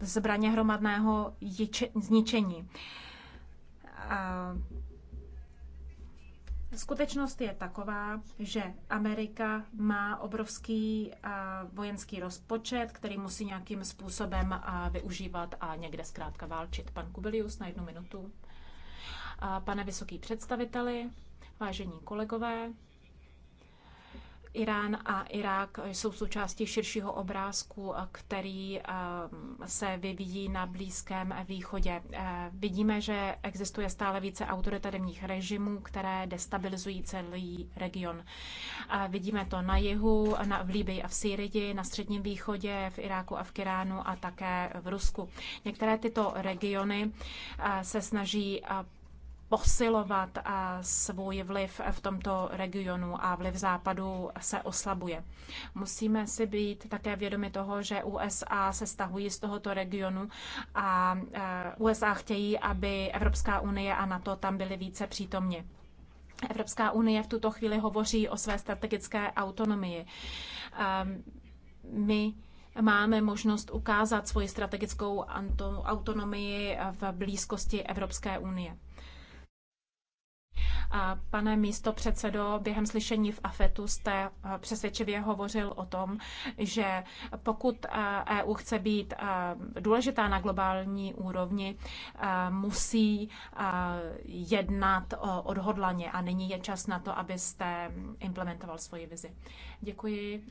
zbraně hromadného zničení. Skutečnost je taková, že Amerika má obrovský vojenský rozpočet, který musí nějakým způsobem využívat a někde zkrátka válčit. Pan Kubilius na jednu minutu. Pane vysoký představiteli, vážení kolegové, Irán a Irák jsou součástí širšího obrázku, který eh, se vyvíjí na Blízkém východě. Eh, vidíme, že existuje stále více autoritativních režimů, které destabilizují celý region. Eh, vidíme to na jihu, na, v Líbii a v Syrii, na Středním východě, v Iráku a v Kiránu a také v Rusku. Některé tyto regiony se snaží posilovat eh, svůj vliv v tomto regionu a vliv západu se oslabuje. Musíme si být také vědomi toho, že USA se stahují z tohoto regionu a eh, USA chtějí, aby Evropská unie a NATO tam byly více přítomně. Evropská unie v tuto chvíli hovoří o své strategické autonomii. Ehm, my máme možnost ukázat svoji strategickou autonomii v blízkosti Evropské unie. Pane místo předsedo, během slyšení v AFETu jste eh, přesvědčivě hovořil o tom, že pokud EU eh, e chce být eh, důležitá na globální úrovni, musí jednat odhodlaně a nyní je čas na to, abyste implementoval svoji vizi. Děkuji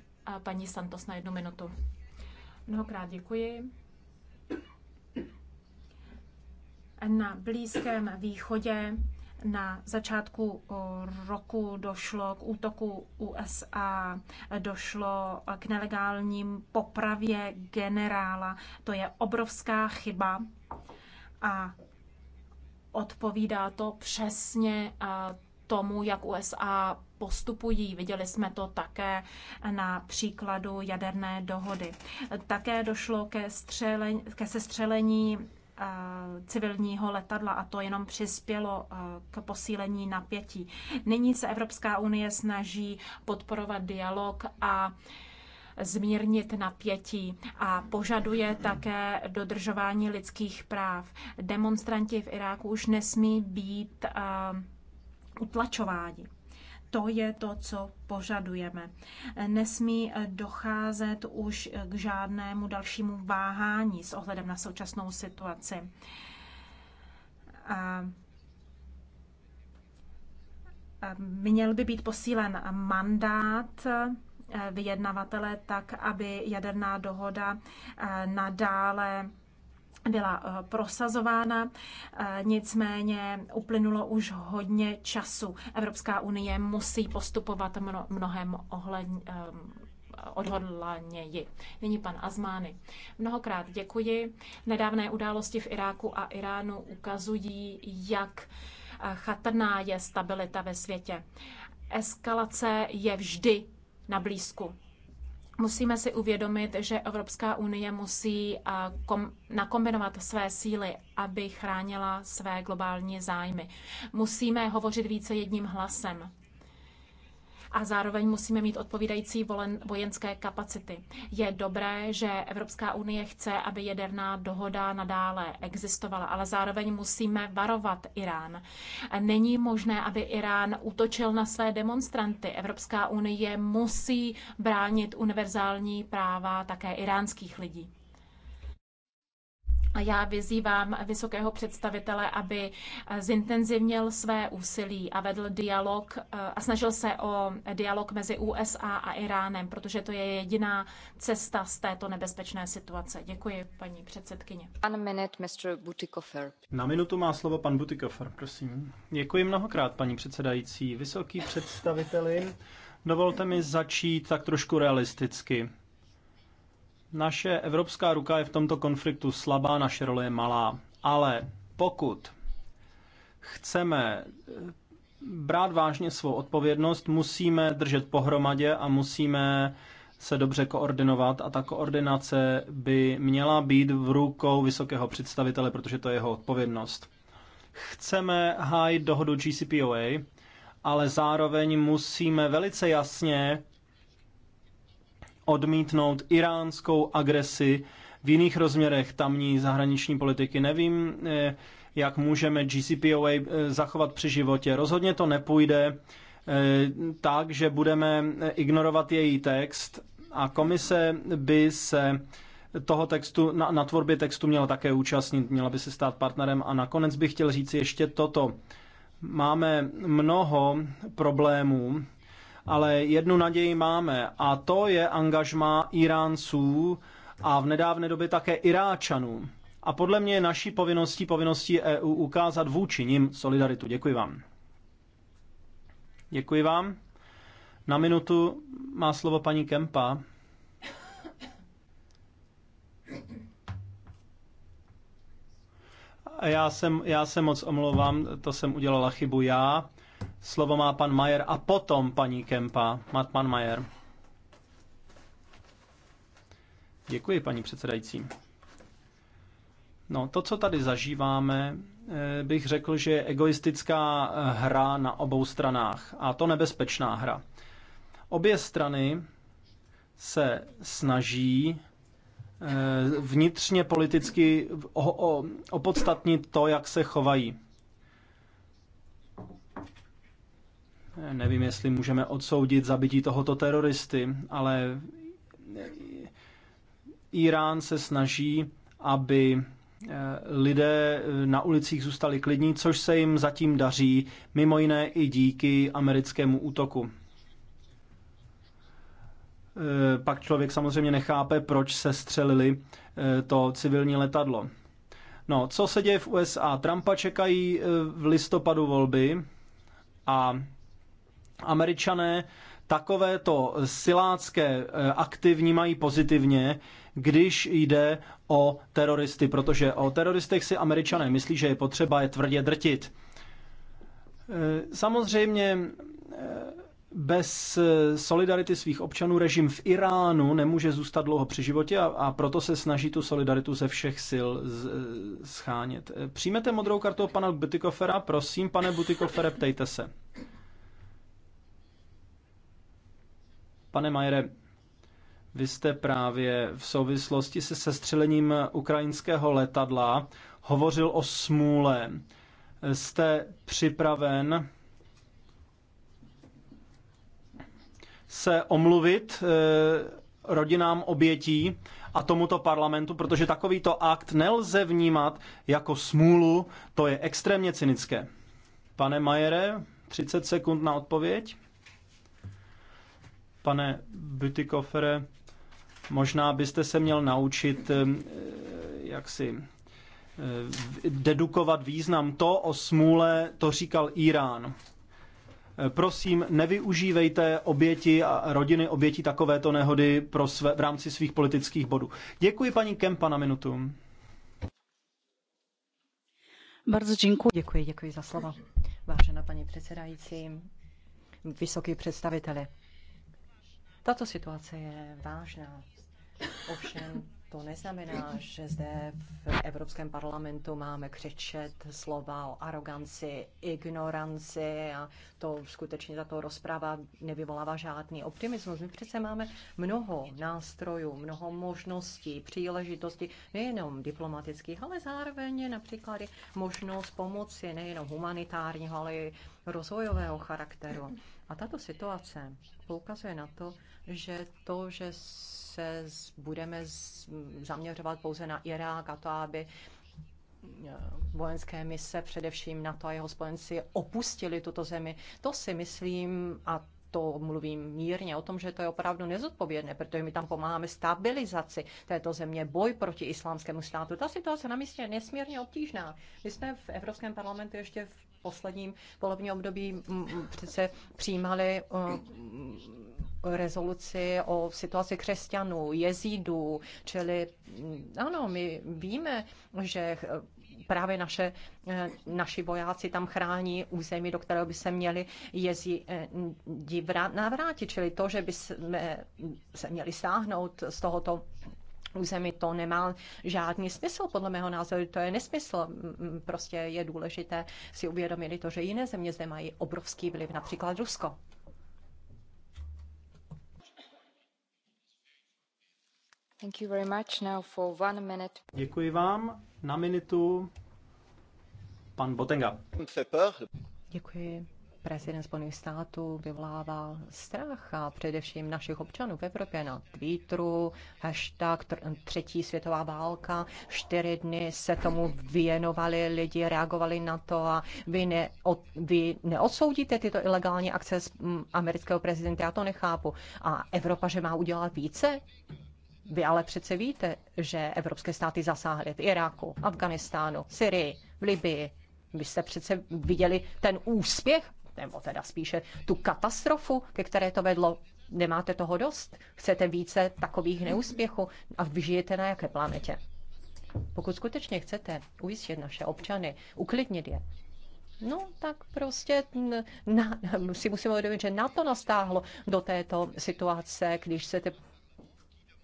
paní Santos na jednu minutu. Mnohokrát děkuji. Na Blízkém východě na začátku eh, roku došlo k útoku USA, eh, došlo eh, k nelegálním popravě generála. To je obrovská chyba a odpovídá to přesně tomu, jak USA postupují. Viděli jsme to také na příkladu jaderné dohody. Také došlo ke, střelení, ke sestřelení Eh, civilního letadla a to jenom přispělo eh, k posílení napětí. Nyní se Evropská unie snaží podporovat dialog a zmírnit napětí a požaduje také dodržování lidských práv. Demonstranti v Iráku už nesmí být eh, utlačováni to je to, co požadujeme. Nesmí eh, docházet už eh, k žádnému dalšímu váhání s ohledem na současnou situaci. A měl by být posílen mandát eh, vyjednavatele tak, aby jaderná dohoda nadále byla eh, prosazována, eh, nicméně uplynulo už hodně času. Evropská unie musí postupovat mnohem ohledně, eh, odhodlaněji. Nyní pan Azmány. Mnohokrát děkuji. Nedávné události v Iráku a Iránu ukazují, jak chatrná je stabilita ve světě. Eskalace je vždy na blízku. Musíme si uvědomit, že Evropská unie musí nakombinovat své síly, aby chránila své globální zájmy. Musíme hovořit více jedním hlasem a zároveň musíme mít odpovídající vojenské kapacity. Je dobré, že Evropská unie chce, aby jaderná dohoda nadále existovala, ale zároveň musíme varovat Irán. Není možné, aby Irán útočil na své demonstranty. Evropská unie musí bránit univerzální práva také iránských lidí. A já vyzývám vysokého představitele, aby eh, zintenzivnil své úsilí a vedl dialog eh, a snažil se o dialog mezi USA a Iránem, protože to je jediná cesta z této nebezpečné situace. Děkuji, paní předsedkyně. Na minutu má slovo pan Butikofer, prosím. Děkuji mnohokrát, paní předsedající. Vysoký představiteli, dovolte mi začít tak trošku realisticky. Naše evropská ruka je v tomto konfliktu slabá, naše role je malá. Ale pokud chceme eh, brát vážně svou odpovědnost, musíme držet pohromadě a musíme se dobře koordinovat a ta koordinace by měla být v rukou vysokého představitele, protože to je jeho odpovědnost. Chceme hájit dohodu GCPOA, ale zároveň musíme velice jasně odmítnout iránskou agresi v jiných rozměrech tamní zahraniční politiky. Nevím, eh, jak můžeme GCPOA eh, zachovat při životě. Rozhodně to nepůjde eh, tak, že budeme ignorovat její text a komise by se toho textu, na, na tvorbě textu měla také účastnit, měla by se stát partnerem. A nakonec bych chtěl říct ještě toto. Máme mnoho problémů ale jednu naději máme a to je angažma Iránců a v nedávné době také Iráčanů. A podle mě je naší povinností, povinností EU ukázat vůči nim solidaritu. Děkuji vám. Děkuji vám. Na minutu má slovo paní Kempa. Já jsem, já se moc omlouvám, to jsem udělala chybu já. Slovo má pan Majer a potom paní Kempa. Má pan Majer. Děkuji, paní předsedající. No, to, co tady zažíváme, eh, bych řekl, že je egoistická hra na obou stranách. A to nebezpečná hra. Obě strany se snaží eh, vnitřně politicky opodstatnit to, jak se chovají. Nevím, jestli můžeme odsoudit zabití tohoto teroristy, ale Irán se snaží, aby eh, lidé eh, na ulicích zůstali klidní, což se jim zatím daří, mimo jiné i díky americkému útoku. Eh, pak člověk samozřejmě nechápe, proč se střelili to civilní letadlo. No, co se děje v USA? Trumpa čekají v listopadu volby a američané takovéto silácké eh, akty vnímají pozitivně, když jde o teroristy, protože o teroristech si američané myslí, že je potřeba je tvrdě drtit. Eh, samozřejmě eh, bez solidarity svých občanů režim v Iránu nemůže zůstat dlouho při životě a, a proto se snaží tu solidaritu ze všech sil z, schánět. Přijmete modrou kartu od pana Butikofera? Prosím, pane Butikofere, ptejte se. Pane Majere, vy jste právě v souvislosti se sestřelením ukrajinského letadla hovořil o smůle. Jste připraven se omluvit eh, rodinám obětí a tomuto parlamentu, protože takovýto akt nelze vnímat jako smůlu, to je extrémně cynické. Pane Majere, 30 sekund na odpověď. Pane Butikofere, možná byste se měl naučit, eh, jak si eh, dedukovat význam. To o smůle, to říkal Irán. Eh, prosím, nevyužívejte oběti a rodiny obětí takovéto nehody pro své, v rámci svých politických bodů. Děkuji paní Kempa na minutu. Bardzo děkuji. Děkuji, děkuji za slovo. Vážená paní předsedající, vysoký představitele. Tato situace je vážná. Ovšem to neznamená, že zde v Evropském parlamentu máme křičet slova o aroganci, ignoranci a to skutečně tato rozprava nevyvolává žádný optimismus. My přece máme mnoho nástrojů, mnoho možností, příležitostí, nejenom diplomatických, ale zároveň například i možnost pomoci nejenom humanitárního, ale i rozvojového charakteru. A tato situace poukazuje na to, že to, že se budeme zaměřovat pouze na Irák a to, aby eh, vojenské mise, především na to, a jeho spojenci, opustili tuto zemi, to si myslím, a to mluvím mírně o tom, že to je opravdu nezodpovědné, protože my tam pomáháme stabilizaci této země, boj proti islámskému státu. Ta situace na místě je nesmírně obtížná. My jsme v Evropském parlamentu ještě v posledním volebním období přece přijímali uh, rezoluci o situaci křesťanů, jezídů, čili mm, ano, my víme, že eh, právě naše, eh, naši vojáci tam chrání území, do kterého by se měli jezidi eh, navrátit, čili to, že by jsme se měli stáhnout z tohoto území, to nemá žádný smysl, podle mého názoru to je nesmysl. Prostě je důležité si uvědomit to, že jiné země zde mají obrovský vliv, například Rusko. Thank you very much. Now for one minute. Děkuji vám. Na minutu pan Botenga. Děkuji prezident Spojených států vyvolává strach a především našich občanů v Evropě na Twitteru, hashtag třetí světová válka, čtyři dny se tomu věnovali lidi, reagovali na to a vy, ne, vy neodsoudíte tyto ilegální akce mm, amerického prezidenta, já to nechápu. A Evropa, že má udělat více? Vy ale přece víte, že evropské státy zasáhly v Iráku, Afganistánu, Syrii, v Libii, vy jste přece viděli ten úspěch nebo teda spíše tu katastrofu, ke které to vedlo, nemáte toho dost? Chcete více takových neúspěchů a vy žijete na jaké planetě? Pokud skutečně chcete ujistit naše občany, uklidnit je, No, tak prostě na, si musíme uvědomit, že to nastáhlo do této situace, když chcete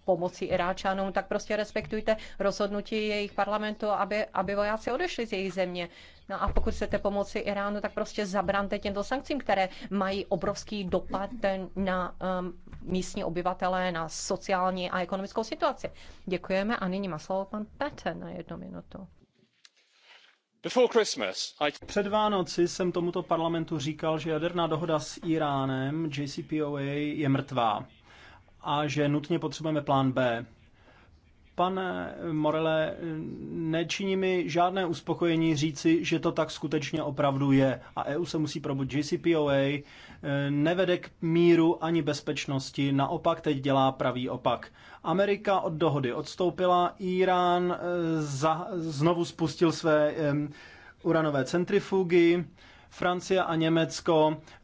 pomoci Iráčanům, tak prostě respektujte rozhodnutí jejich parlamentu, aby, aby vojáci odešli z jejich země. No a pokud chcete pomoci Iránu, tak prostě zabrante těmto sankcím, které mají obrovský dopad na um, místní obyvatele, na sociální a ekonomickou situaci. Děkujeme a nyní má slovo pan Petr na jednu minutu. Před Vánoci jsem tomuto parlamentu říkal, že jaderná dohoda s Iránem, JCPOA, je mrtvá a že nutně potřebujeme plán B. Pane Morele, nečiní mi žádné uspokojení říci, že to tak skutečně opravdu je. A EU se musí probudit. JCPOA eh, nevede k míru ani bezpečnosti, naopak teď dělá pravý opak. Amerika od dohody odstoupila, Irán eh, za, znovu spustil své um, uranové centrifugy, Francie a Německo eh,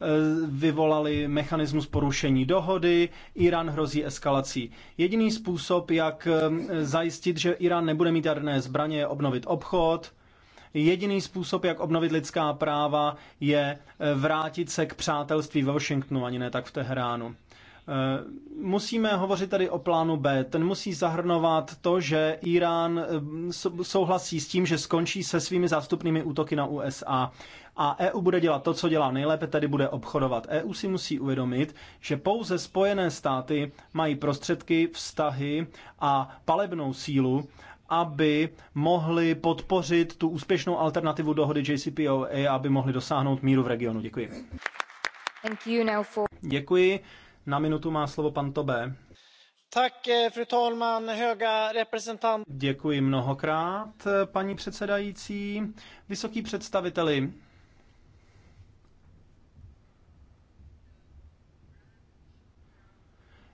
vyvolali mechanismus porušení dohody, Irán hrozí eskalací. Jediný způsob, jak eh, zajistit, že Irán nebude mít jaderné zbraně, je obnovit obchod, jediný způsob, jak obnovit lidská práva, je eh, vrátit se k přátelství ve Washingtonu, ani ne tak v Teheránu. Eh, musíme hovořit tady o plánu B. Ten musí zahrnovat to, že Irán eh, souhlasí s tím, že skončí se svými zástupnými útoky na USA. A EU bude dělat to, co dělá nejlépe, tedy bude obchodovat. EU si musí uvědomit, že pouze Spojené státy mají prostředky, vztahy a palebnou sílu, aby mohli podpořit tu úspěšnou alternativu dohody JCPOA, aby mohli dosáhnout míru v regionu. Děkuji. Děkuji. Na minutu má slovo pan Tobé. Tak, eh, fru talman, höga representant. Děkuji mnohokrát, paní předsedající. Vysoký představiteli,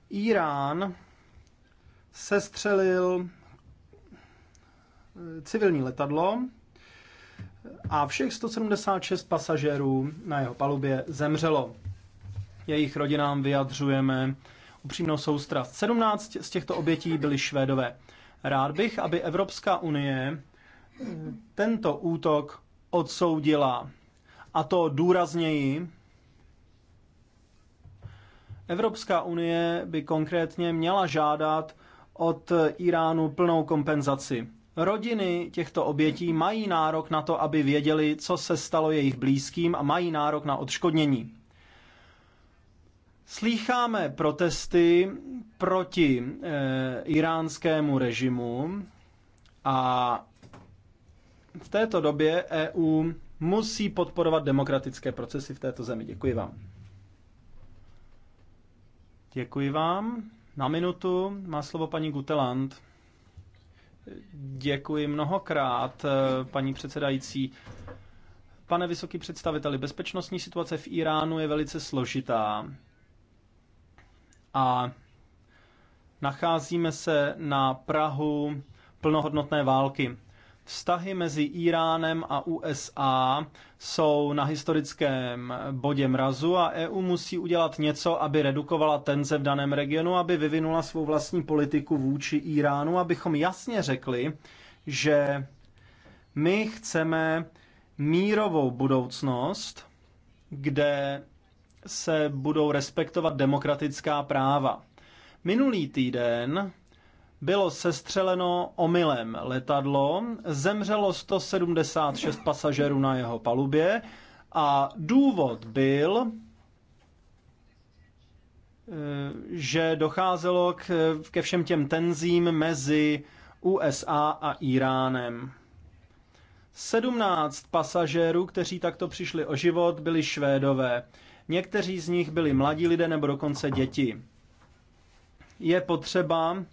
Irán sestřelil eh, civilní letadlo a všech 176 pasažérů na jeho palubě zemřelo jejich rodinám vyjadřujeme upřímnou soustrast. 17 z těchto obětí byly Švédové. Rád bych, aby Evropská unie eh, tento útok odsoudila. A to důrazněji. Evropská unie by konkrétně měla žádat od Iránu plnou kompenzaci. Rodiny těchto obětí mají nárok na to, aby věděli, co se stalo jejich blízkým a mají nárok na odškodnění. Slýcháme protesty proti e, eh, iránskému režimu a v této době EU musí podporovat demokratické procesy v této zemi. Děkuji vám. Děkuji vám. Na minutu má slovo paní Guteland. Děkuji mnohokrát, eh, paní předsedající. Pane vysoký představiteli, bezpečnostní situace v Iránu je velice složitá a nacházíme se na Prahu plnohodnotné války. Vztahy mezi Iránem a USA jsou na historickém bodě mrazu a EU musí udělat něco, aby redukovala tenze v daném regionu, aby vyvinula svou vlastní politiku vůči Iránu, abychom jasně řekli, že my chceme mírovou budoucnost, kde se budou respektovat demokratická práva. Minulý týden bylo sestřeleno omylem letadlo, zemřelo 176 pasažerů na jeho palubě a důvod byl, eh, že docházelo k, ke všem těm tenzím mezi USA a Iránem. 17 pasažérů, kteří takto přišli o život, byli Švédové. Někteří z nich byli mladí lidé nebo dokonce děti. Je potřeba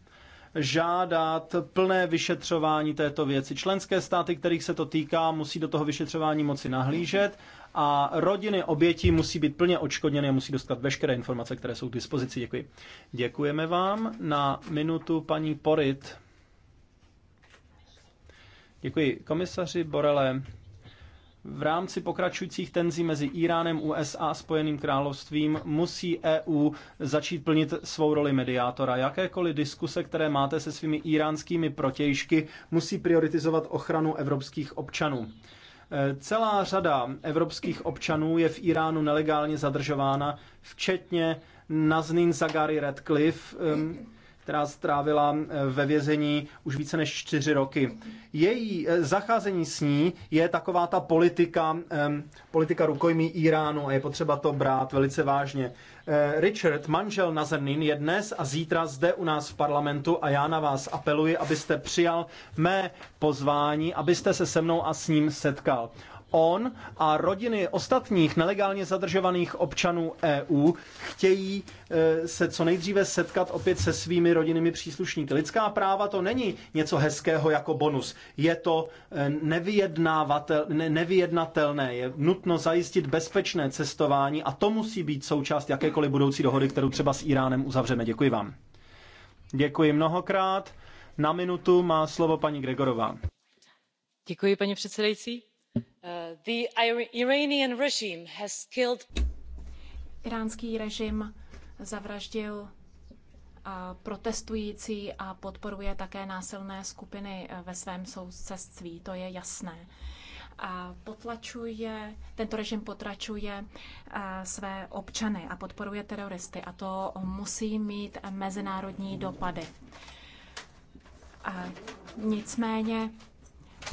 žádat plné vyšetřování této věci. Členské státy, kterých se to týká, musí do toho vyšetřování moci nahlížet a rodiny obětí musí být plně odškodněny a musí dostat veškeré informace, které jsou k dispozici. Děkuji. Děkujeme vám. Na minutu paní Porit. Děkuji komisaři Borele. V rámci pokračujících tenzí mezi Iránem, USA a Spojeným královstvím musí EU začít plnit svou roli mediátora. Jakékoliv diskuse, které máte se svými iránskými protějšky, musí prioritizovat ochranu evropských občanů. E, celá řada evropských občanů je v Iránu nelegálně zadržována, včetně Naznin Zagari Radcliffe, která strávila eh, ve vězení už více než čtyři roky. Její eh, zacházení s ní je taková ta politika, politika rukojmí Iránu a je potřeba to brát velice vážně. Eh, Richard, manžel Nazanin, je dnes a zítra zde u nás v parlamentu a já na vás apeluji, abyste přijal mé pozvání, abyste se se mnou a s ním setkal on a rodiny ostatních nelegálně zadržovaných občanů EU chtějí eh, se co nejdříve setkat opět se svými rodinnými příslušníky. Lidská práva to není něco hezkého jako bonus. Je to eh, nevyjednatelné. Je nutno zajistit bezpečné cestování a to musí být součást jakékoliv budoucí dohody, kterou třeba s Iránem uzavřeme. Děkuji vám. Děkuji mnohokrát. Na minutu má slovo paní Gregorová. Děkuji, paní předsedající íránský uh, režim zavraždil uh, protestující a podporuje také násilné skupiny uh, ve svém sousedství, to je jasné. A potlačuje, tento režim potlačuje své občany a podporuje teroristy a to musí mít mezinárodní dopady. A nicméně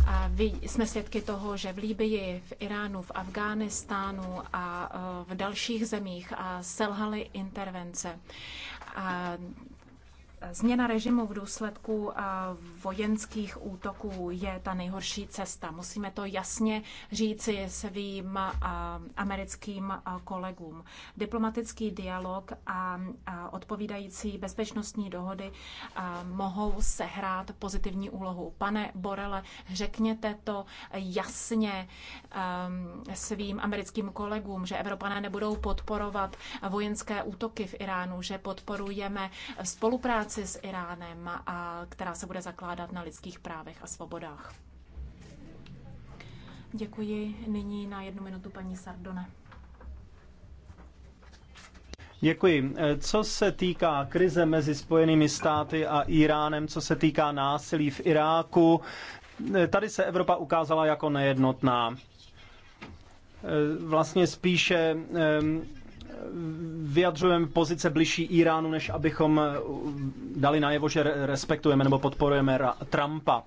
a vy, jsme svědky toho, že v Líbii, v Iránu, v Afghánistánu a e, v dalších zemích selhaly intervence. A Změna režimu v důsledku vojenských útoků je ta nejhorší cesta. Musíme to jasně říci svým americkým kolegům. Diplomatický dialog a odpovídající bezpečnostní dohody mohou sehrát pozitivní úlohu. Pane Borele, řekněte to jasně svým americkým kolegům, že Evropané nebudou podporovat vojenské útoky v Iránu, že podporujeme spolupráci spolupráci s Iránem, a která se bude zakládat na lidských právech a svobodách. Děkuji. Nyní na jednu minutu paní Sardone. Děkuji. Co se týká krize mezi Spojenými státy a Iránem, co se týká násilí v Iráku, tady se Evropa ukázala jako nejednotná. Vlastně spíše vyjadřujeme pozice bližší Iránu, než abychom eh, dali najevo, že respektujeme nebo podporujeme Trumpa.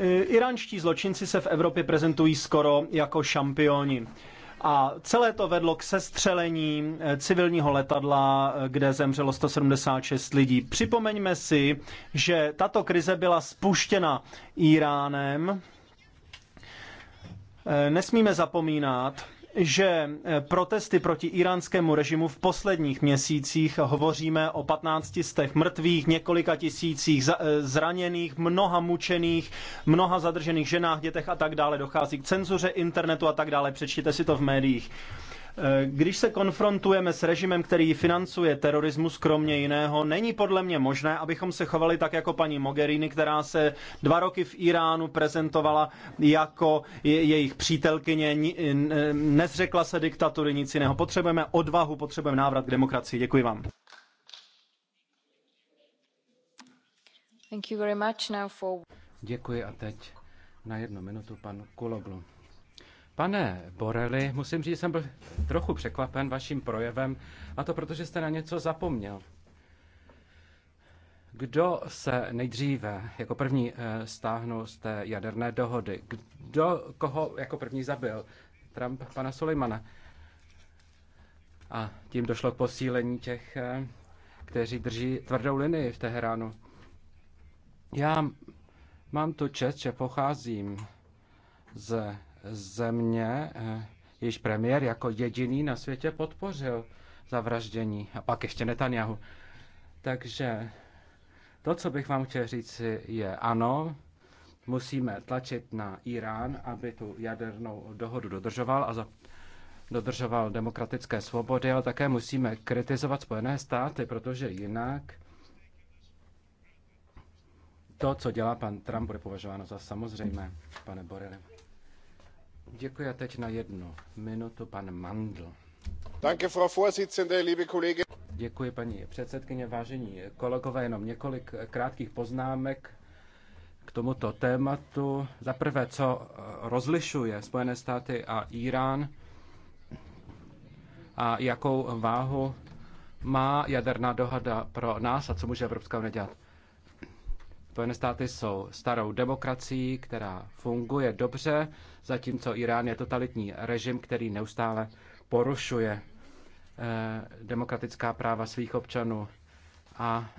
Eh, iránští zločinci se v Evropě prezentují skoro jako šampioni. A celé to vedlo k sestřelení eh, civilního letadla, kde zemřelo 176 lidí. Připomeňme si, že tato krize byla spuštěna Iránem. Nesmíme zapomínat, že eh, protesty proti iránskému režimu v posledních měsících hovoříme o 15 stech mrtvých, několika tisících eh, zraněných, mnoha mučených, mnoha zadržených ženách, dětech a tak dále. Dochází k cenzuře internetu a tak dále. Přečtěte si to v médiích. Eh, když se konfrontujeme s režimem, který financuje terorismus kromě jiného, není podle mě možné, abychom se chovali tak jako paní Mogherini, která se dva roky v Iránu prezentovala jako jejich přítelkyně, eh, eh, nezřekla se diktatury, nic jiného. Potřebujeme odvahu, potřebujeme návrat k demokracii. Děkuji vám. Děkuji a teď na jednu minutu pan Kuloglu. Pane Borelli, musím říct, že jsem byl trochu překvapen vaším projevem, a to protože jste na něco zapomněl. Kdo se nejdříve jako první eh, stáhnul z té jaderné dohody? Kdo koho jako první zabil? Trump pana Sulejmana. A tím došlo k posílení těch, eh, kteří drží tvrdou linii v Teheránu. Já mám tu čest, že pocházím z země eh, jejíž premiér jako jediný na světě podpořil zavraždění. A pak ještě Netanyahu. Takže to, co bych vám chtěl říct, je ano, musíme tlačit na Irán, aby tu jadernou dohodu dodržoval a za, dodržoval demokratické svobody, ale také musíme kritizovat Spojené státy, protože jinak to, co dělá pan Trump, bude považováno za samozřejmé, pane Borele. Děkuji a teď na jednu minutu pan Mandl. Danke, Frau Vorsitzende, liebe Kollegen. Děkuji, paní předsedkyně, vážení kolegové, jenom několik krátkých poznámek k tomuto tématu. Za prvé, co rozlišuje Spojené státy a Irán a jakou váhu má jaderná dohoda pro nás a co může Evropská unie dělat. Spojené státy jsou starou demokracií, která funguje dobře, zatímco Irán je totalitní režim, který neustále porušuje eh, demokratická práva svých občanů. A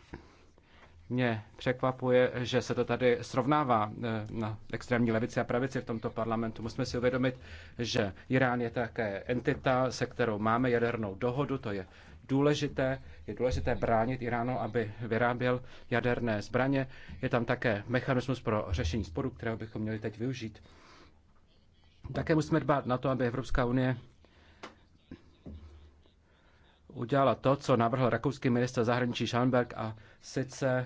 mě překvapuje, že se to tady srovnává eh, na extrémní levici a pravici v tomto parlamentu. Musíme si uvědomit, že Irán je také entita, se kterou máme jadernou dohodu, to je důležité. Je důležité bránit Iránu, aby vyráběl jaderné zbraně. Je tam také mechanismus pro řešení sporu, kterého bychom měli teď využít. Také musíme dbát na to, aby Evropská unie udělala to, co navrhl rakouský minister zahraničí Schallenberg a sice eh,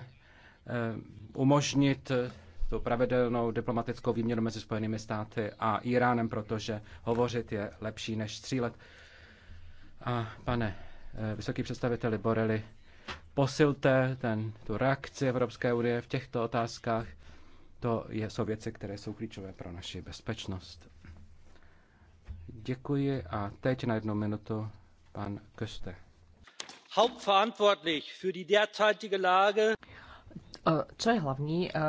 umožnit eh, tu pravidelnou diplomatickou výměnu mezi Spojenými státy a Iránem, protože hovořit je lepší než střílet. A pane Eh, vysoký představiteli Borely, posilte ten, tu reakci Evropské unie v těchto otázkách. To je, jsou věci, které jsou klíčové pro naši bezpečnost. Děkuji a teď na jednu minutu pan Köste. Hauptverantwortlich für die derzeitige Lage eh, co je hlavní, eh,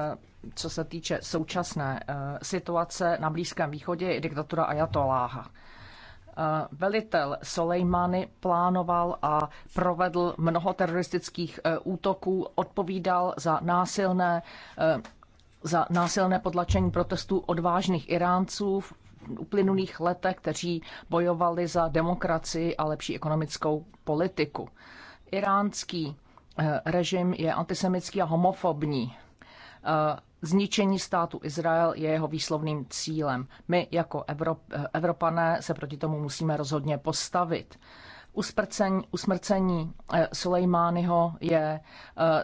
co se týče současné situace na Blízkém východě, je diktatura Ajatoláha. Eh, velitel Soleimani plánoval a provedl mnoho teroristických eh, útoků, odpovídal za násilné eh, za násilné potlačení protestů odvážných Iránců v uplynulých letech, kteří bojovali za demokracii a lepší ekonomickou politiku. Iránský režim je antisemický a homofobní. Eh, zničení státu Izrael je jeho výslovným cílem. My jako Evrop- eh, Evropané se proti tomu musíme rozhodně postavit usmrcení, usmrcení eh, Sulejmányho je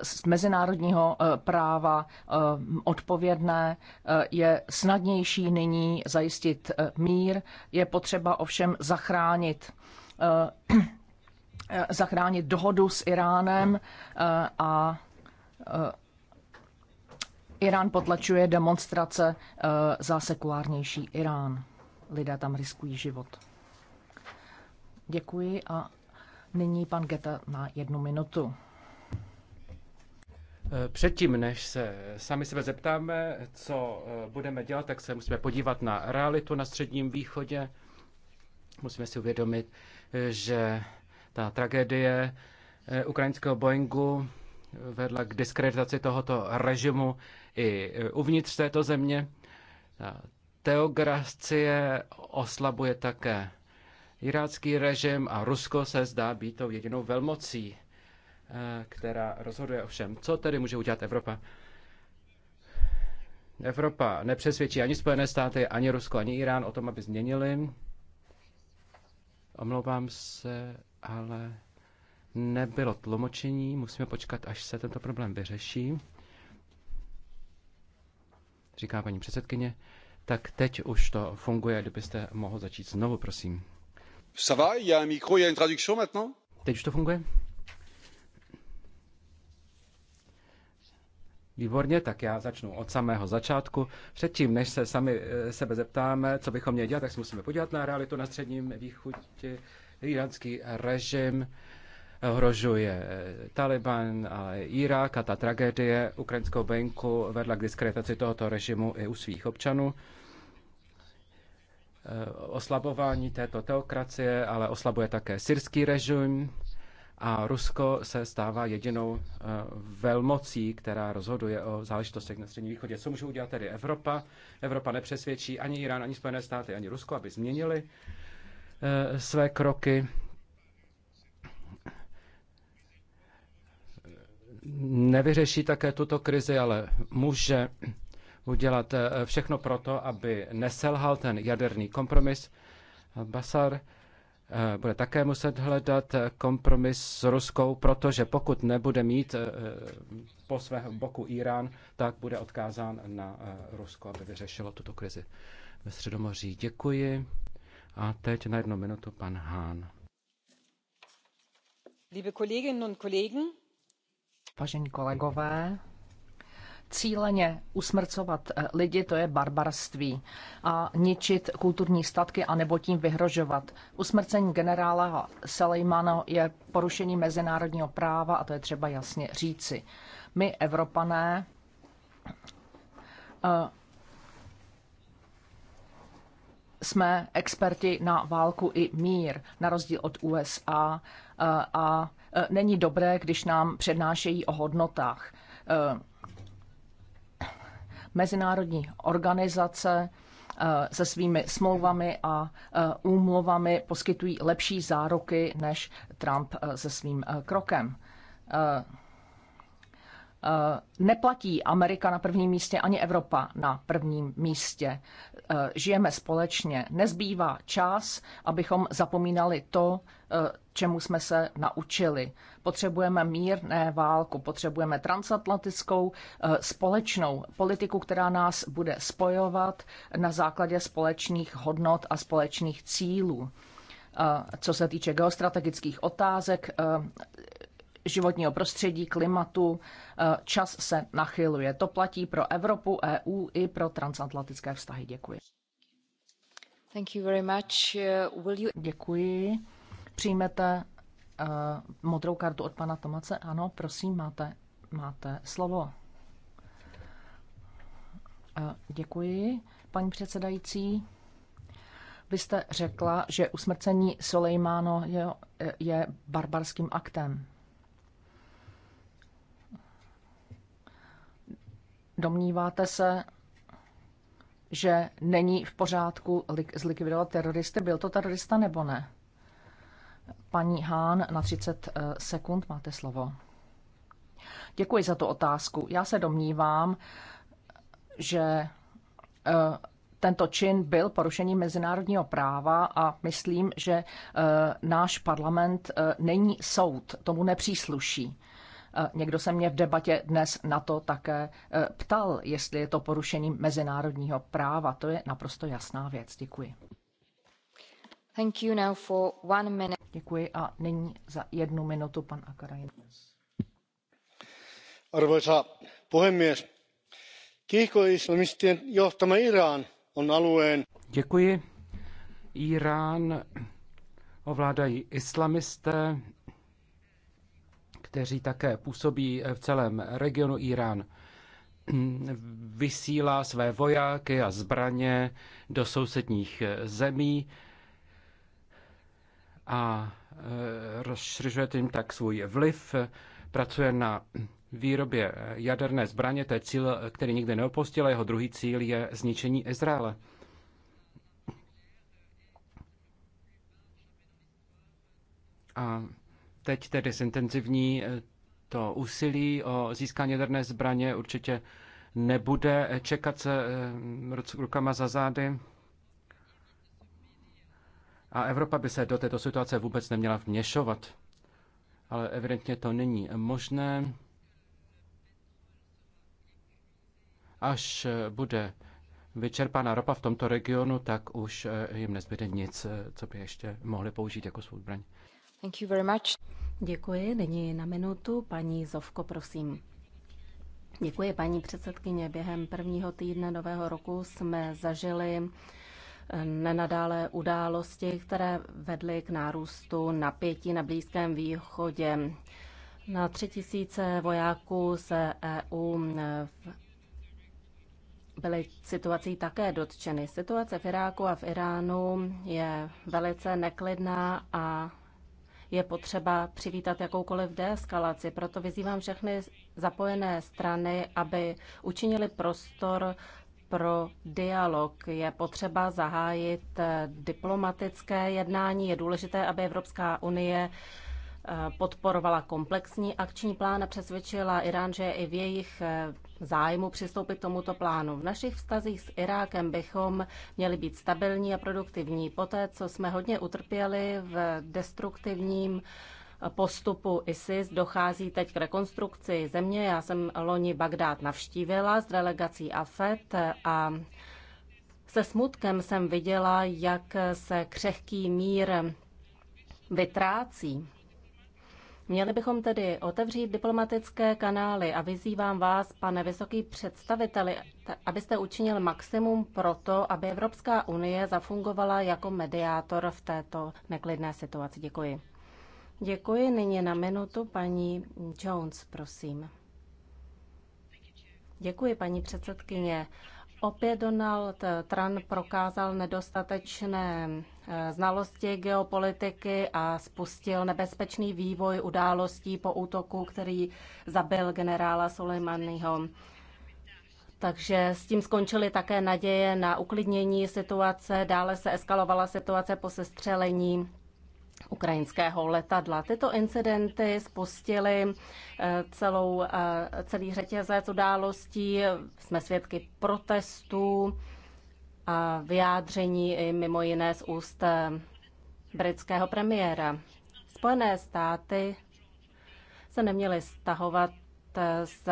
z mezinárodního práva odpovědné, je snadnější nyní zajistit mír, je potřeba ovšem zachránit zachránit dohodu s Iránem a Irán potlačuje demonstrace eh, za sekulárnější Irán. Lidé tam riskují život. Děkuji a nyní pan Geta na jednu minutu. Eh, předtím, než se sami sebe zeptáme, co eh, budeme dělat, tak se musíme podívat na realitu na Středním východě. Musíme si uvědomit, že ta tragédie ukrajinského Boeingu vedla k diskreditaci tohoto režimu i e, uvnitř této země. Teokracie oslabuje také irácký režim a Rusko se zdá být tou jedinou velmocí, e, která rozhoduje o všem. Co tedy může udělat Evropa? Evropa nepřesvědčí ani Spojené státy, ani Rusko, ani Irán o tom, aby změnili. Omlouvám se, ale nebylo tlumočení. Musíme počkat, až se tento problém vyřeší říká paní předsedkyně. Tak teď už to funguje, kdybyste mohl začít znovu, prosím. Ça va, il y a un micro, il y a une traduction maintenant? Teď už to funguje? Výborně, tak já začnu od samého začátku. Předtím, než se sami eh, sebe zeptáme, co bychom měli dělat, tak se musíme podívat na realitu na středním východě. Iránský režim ohrožuje eh, Taliban a Irák a ta tragédie ukrajinskou banku, vedla k diskreditaci tohoto režimu i u svých občanů. Eh, oslabování této teokracie ale oslabuje také syrský režim a Rusko se stává jedinou eh, velmocí, která rozhoduje o záležitostech na Středním východě. Co může udělat tedy Evropa? Evropa nepřesvědčí ani Irán, ani Spojené státy, ani Rusko, aby změnili své kroky nevyřeší také tuto krizi, ale může udělat eh, všechno proto, aby neselhal ten jaderný kompromis. Basar eh, bude také muset hledat eh, kompromis s Ruskou, protože pokud nebude mít po svém boku Irán, tak bude odkázán na Rusko, aby vyřešilo tuto krizi ve Středomoří. Děkuji. A teď na jednu minutu pan Hán. Liebe Kolleginnen und Kollegen, Vážení kolegové, cíleně usmrcovat eh, lidi, to je barbarství. A ničit kulturní statky a nebo tím vyhrožovat. Usmrcení generála Selejmano je porušení mezinárodního práva a to je třeba jasně říci. My, Evropané, eh, jsme experti na válku i mír, na rozdíl od USA a eh, Eh, není dobré, když nám přednášejí o hodnotách. Eh, mezinárodní organizace eh, se svými smlouvami a úmluvami poskytují lepší zároky než Trump se svým krokem neplatí Amerika na prvním místě ani Evropa na prvním místě. Žijeme společně. Nezbývá čas, abychom zapomínali to, čemu jsme se naučili. Potřebujeme mír, ne válku. Potřebujeme transatlantickou eh, společnou politiku, která nás bude spojovat na základě společných hodnot a společných cílů. Eh, co se týče geostrategických otázek, eh, životního prostředí, klimatu, čas se nachyluje. To platí pro Evropu, EU i pro transatlantické vztahy. Děkuji. Thank you very much. Uh, will you... Děkuji. Přijmete uh, modrou kartu od pana Tomace? Ano, prosím, máte, máte slovo. Uh, děkuji, paní předsedající. Vy jste řekla, že usmrcení Soleimáno je, je barbarským aktem. Domníváte se, že není v pořádku zlikvidovat teroristy? Byl to terorista nebo ne? Paní Hán, na 30 eh, sekund máte slovo. Děkuji za tu otázku. Já se domnívám, že eh, tento čin byl porušením mezinárodního práva a myslím, že eh, náš parlament není soud, tomu nepřísluší. Někdo se mě v debatě dnes na to také ptal, jestli je to porušením mezinárodního práva. To je naprosto jasná věc. Děkuji. Thank you now for one minute. Děkuji a nyní za jednu minutu pan Akarain. Arvoisa puhemies. Kiihkoislamistien johtama Irán on alueen... Děkuji. Irán ovládají islamisté, kteří také působí v celém regionu Irán. Vysílá své vojáky a zbraně do sousedních zemí a e, rozšiřuje tím tak svůj vliv, pracuje na výrobě jaderné zbraně, to je cíl, který nikdy neopustil, a jeho druhý cíl je zničení Izraele. A teď tedy zintenzivní e, to úsilí o získání jaderné zbraně určitě nebude čekat se e, rukama za zády. A Evropa by se do této situace vůbec neměla vměšovat. Ale evidentně to není možné. Až bude vyčerpána ropa v tomto regionu, tak už eh, jim nezbyde nic, eh, co by ještě mohli použít jako svou zbraň. Thank you very much. Děkuji. Nyní na minutu paní Zovko, prosím. Děkuji, paní předsedkyně. Během prvního týdne nového roku jsme zažili nenadále události, které vedly k nárůstu napětí na Blízkém východě. Na tři tisíce vojáků se EU byly situací také dotčeny. Situace v Iráku a v Iránu je velice neklidná a je potřeba přivítat jakoukoliv deeskalaci. Proto vyzývám všechny zapojené strany, aby učinili prostor pro dialog. Je potřeba zahájit eh, diplomatické jednání. Je důležité, aby Evropská unie eh, podporovala komplexní akční plán a přesvědčila Irán, že je i v jejich eh, zájmu přistoupit k tomuto plánu. V našich vztazích s Irákem bychom měli být stabilní a produktivní. Poté, co jsme hodně utrpěli v destruktivním postupu ISIS dochází teď k rekonstrukci země. Já jsem loni Bagdád navštívila s delegací AFET a se smutkem jsem viděla, jak se křehký mír vytrácí. Měli bychom tedy otevřít diplomatické kanály a vyzývám vás, pane vysoký představiteli, abyste učinil maximum pro to, aby Evropská unie zafungovala jako mediátor v této neklidné situaci. Děkuji. Děkuji. Nyní na minutu paní Jones, prosím. Děkuji, paní předsedkyně. Opět Donald Trump prokázal nedostatečné eh, znalosti geopolitiky a spustil nebezpečný vývoj událostí po útoku, který zabil generála Soleimaniho. Takže s tím skončily také naděje na uklidnění situace. Dále se eskalovala situace po sestřelení ukrajinského letadla. Tyto incidenty spustily eh, celou, eh, celý řetězec událostí. Jsme svědky protestů a vyjádření i mimo jiné z úst eh, britského premiéra. Spojené státy se neměly stahovat z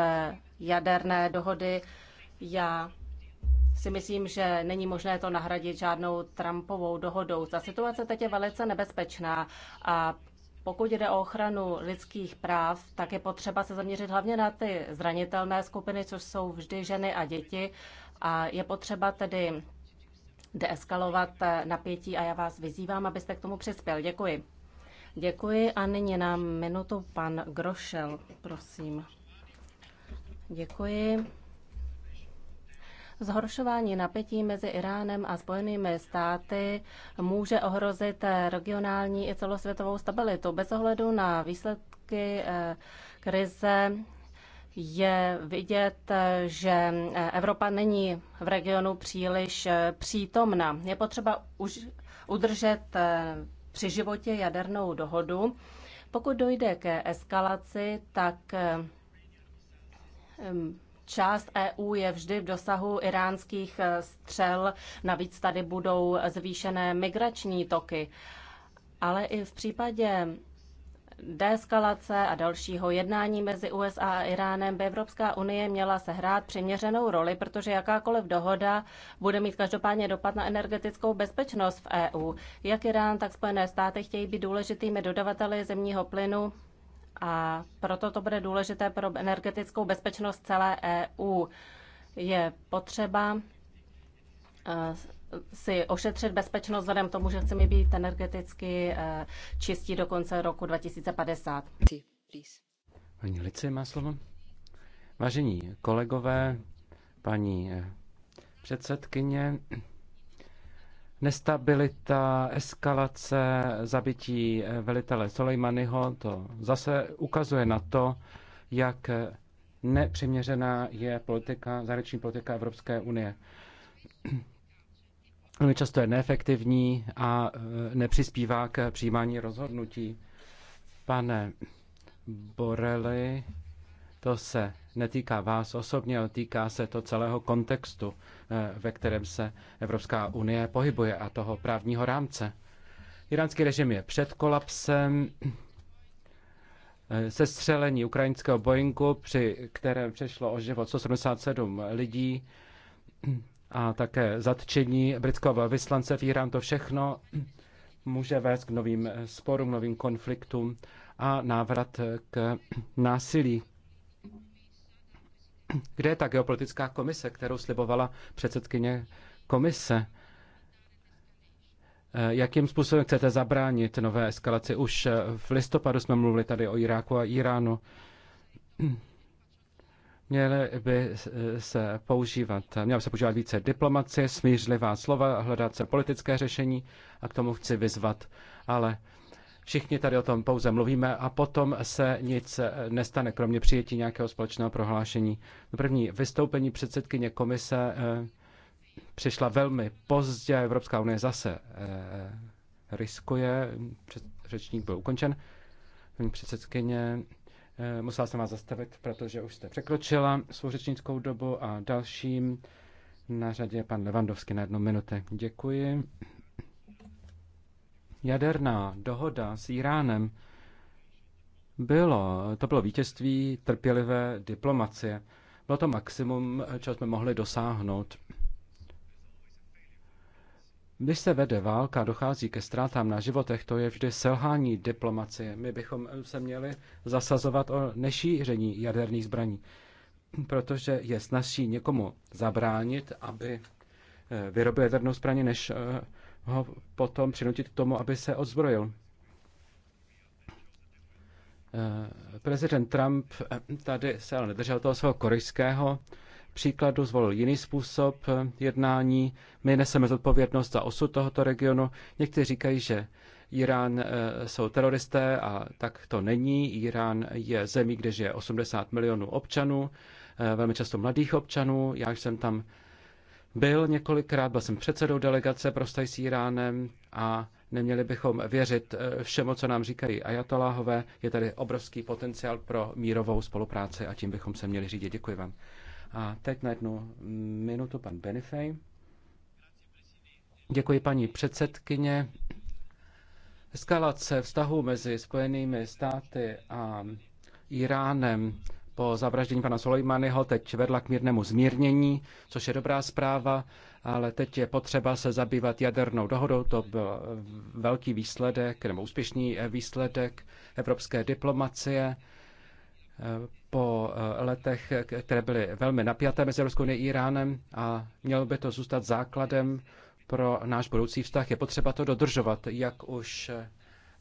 jaderné dohody. Já si myslím, že není možné to nahradit žádnou Trumpovou dohodou. Ta situace teď je velice nebezpečná a pokud jde o ochranu lidských práv, tak je potřeba se zaměřit hlavně na ty zranitelné skupiny, což jsou vždy ženy a děti. A je potřeba tedy deeskalovat napětí a já vás vyzývám, abyste k tomu přispěl. Děkuji. Děkuji a nyní na minutu pan Grošel, prosím. Děkuji. Zhoršování napětí mezi Iránem a Spojenými státy může ohrozit regionální i celosvětovou stabilitu. Bez ohledu na výsledky eh, krize je vidět, že eh, Evropa není v regionu příliš eh, přítomna. Je potřeba už udržet při životě jadernou dohodu. Pokud dojde ke eskalaci, tak část EU je vždy v dosahu iránských eh, střel, navíc tady budou zvýšené migrační toky. Ale i v případě deeskalace a dalšího jednání mezi USA a Iránem by Evropská unie měla sehrát přiměřenou roli, protože jakákoliv dohoda bude mít každopádně dopad na energetickou bezpečnost v EU. Jak Irán, tak Spojené státy chtějí být důležitými dodavateli zemního plynu a proto to bude důležité pro energetickou bezpečnost celé EU. Je potřeba eh, si ošetřit bezpečnost vzhledem tomu, že chceme být energeticky eh, čistí do konce roku 2050. Paní Lice má slovo. Vážení kolegové, paní eh, předsedkyně, Nestabilita, eskalace, zabití eh, velitele Soleimaniho, to zase ukazuje na to, jak eh, nepřiměřená je politika, zahraniční politika Evropské unie. Velmi často je neefektivní a eh, nepřispívá k přijímání rozhodnutí. Pane Borely, to se netýká vás osobně, ale týká se to celého kontextu, eh, ve kterém se Evropská unie pohybuje a toho právního rámce. Iránský režim je před kolapsem. Eh, střelení ukrajinského Boeingu, při kterém přešlo o život 177 lidí, a také zatčení britského vyslance v Irán, to všechno může vést k novým eh, sporům, novým konfliktům a návrat k násilí. Kde je ta geopolitická komise, kterou slibovala předsedkyně komise? Eh, jakým způsobem chcete zabránit nové eskalaci? Už eh, v listopadu jsme mluvili tady o Iráku a Iránu. Měly by eh, se používat, měla by se používat více diplomacie, smířlivá slova, hledat se politické řešení a k tomu chci vyzvat. Ale Všichni tady o tom pouze mluvíme a potom se nic nestane, kromě přijetí nějakého společného prohlášení. První vystoupení předsedkyně komise eh, přišla velmi pozdě, Evropská unie zase eh, riskuje, řečník byl ukončen, paní předsedkyně, eh, musela jsem vás zastavit, protože už jste překročila svou řečnickou dobu a dalším na řadě pan Levandovský na jednu minutu. Děkuji jaderná dohoda s Iránem bylo, to bylo vítězství trpělivé diplomacie. Bylo to maximum, čeho jsme mohli dosáhnout. Když se vede válka, dochází ke ztrátám na životech, to je vždy selhání diplomacie. My bychom se měli zasazovat o nešíření jaderných zbraní, protože je snažší někomu zabránit, aby eh, vyrobil jadernou zbraně, než eh, ho potom přinutit k tomu, aby se odzbrojil. Eh, prezident Trump eh, tady se ale nedržel toho svého korejského příkladu, zvolil jiný způsob eh, jednání. My neseme zodpovědnost za osud tohoto regionu. Někteří říkají, že Irán jsou teroristé a tak to není. Irán je zemí, kde žije 80 milionů občanů, velmi často mladých občanů. Já jsem tam byl několikrát, byl jsem předsedou delegace pro s Iránem a neměli bychom věřit eh, všemu, co nám říkají ajatoláhové. Je tady obrovský potenciál pro mírovou spolupráci a tím bychom se měli řídit. Děkuji vám. A teď na jednu minutu pan Benifej. Děkuji paní předsedkyně. Eskalace vztahu mezi Spojenými státy a Iránem po zavraždění pana Solejmanyho teď vedla k mírnému zmírnění, což je dobrá zpráva, ale teď je potřeba se zabývat jadernou dohodou. To byl velký výsledek, nebo úspěšný výsledek evropské diplomacie po letech, které byly velmi napjaté mezi Ruskou a Iránem a mělo by to zůstat základem pro náš budoucí vztah. Je potřeba to dodržovat, jak už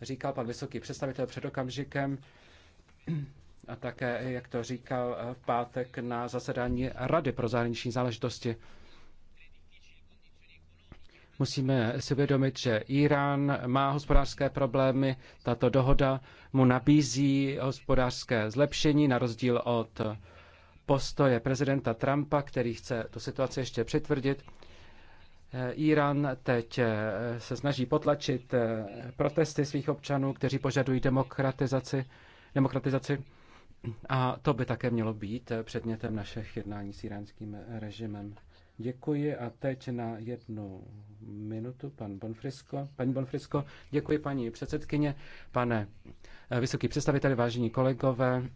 říkal pan vysoký představitel před okamžikem a také, jak to říkal eh, v pátek na zasedání Rady pro zahraniční záležitosti. Musíme si vědomit, že Irán má hospodářské problémy, tato dohoda mu nabízí hospodářské zlepšení na rozdíl od postoje prezidenta Trumpa, který chce tu situaci ještě přitvrdit. Eh, Irán teď eh, se snaží potlačit protesty svých občanů, kteří požadují demokratizaci. demokratizaci. A to by také mělo být předmětem našich jednání s iránským režimem. Děkuji a teď na jednu minutu pan Bonfrisko. Paní Bonfrisko, děkuji paní předsedkyně, pane vysoký představiteli, vážení kolegové.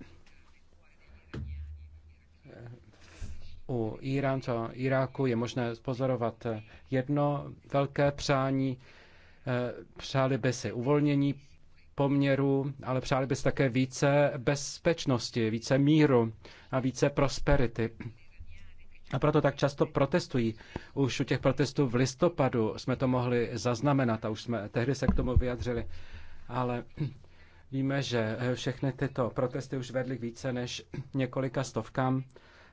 U Iránu, a Iráku je možné pozorovat jedno velké přání. Eh, přáli by si uvolnění poměrů, ale přáli bys také více bezpečnosti, více míru a více prosperity. A proto tak často protestují. Už u těch protestů v listopadu jsme to mohli zaznamenat a už jsme tehdy se k tomu vyjadřili. Ale víme, že všechny tyto protesty už vedly k více než několika stovkám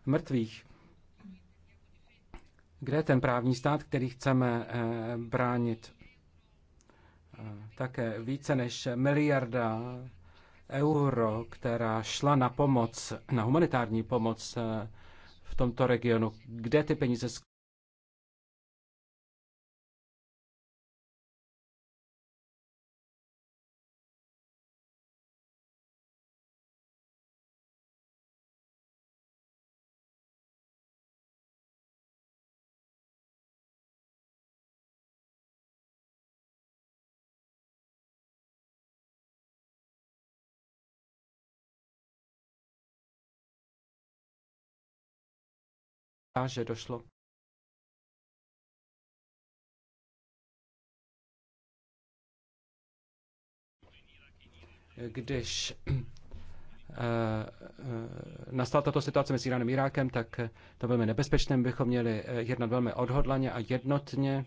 mrtvých. Kde je ten právní stát, který chceme eh, bránit? také více než miliarda euro, která šla na pomoc, na humanitární pomoc eh, v tomto regionu. Kde ty peníze a že došlo když eh, eh, nastala tato situace mezi Iránem a Irákem, tak to velmi nebezpečné. My bychom měli eh, jednat velmi odhodlaně a jednotně.